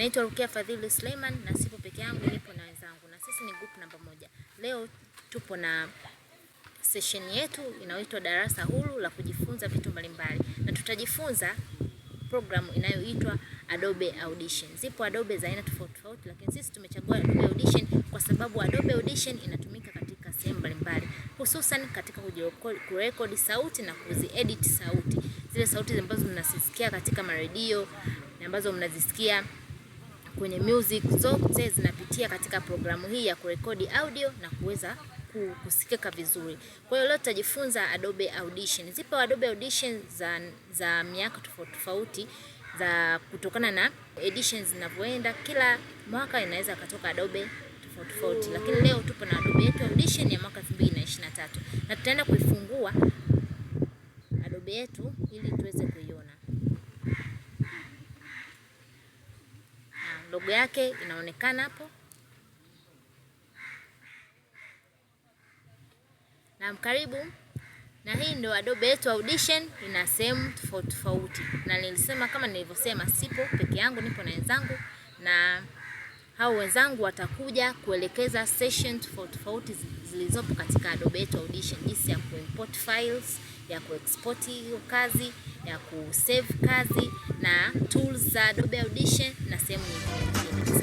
Naitwa Rukia Fadhili Suleiman na sipo peke yangu, nipo na wenzangu na sisi ni group namba moja. Leo tupo na session yetu inayoitwa darasa huru la kujifunza vitu mbalimbali na tutajifunza program inayoitwa Adobe Audition. Zipo Adobe za aina tofauti tofauti, lakini sisi tumechagua Adobe Audition kwa sababu Adobe Audition inatumika katika sehemu mbalimbali, hususan katika kurekodi sauti na kuziedit sauti, zile sauti ambazo mnazisikia katika maredio ambazo mnazisikia kwenye music zote zinapitia katika programu hii ya kurekodi audio na kuweza kusikika vizuri. Kwa hiyo leo tutajifunza Adobe Audition. Zipo Adobe Audition za, za miaka tofauti tofauti za kutokana na editions zinavyoenda, kila mwaka inaweza katoka Adobe tofauti tofauti, lakini leo tupo na Adobe yetu Audition ya mwaka 2023 na tutaenda kuifungua Adobe yetu ili tuweze logo yake inaonekana hapo. Naam, karibu. Na hii ndio Adobe yetu Audition, ina sehemu tofauti tofauti, na nilisema kama nilivyosema, sipo peke yangu, nipo na wenzangu, na hao wenzangu watakuja kuelekeza session tofauti tofauti zilizopo katika Adobe yetu Audition, jinsi ya kuimport files, ya kuexport hiyo kazi ya kusave kazi na tools za Adobe Audition na sehemu nyingine.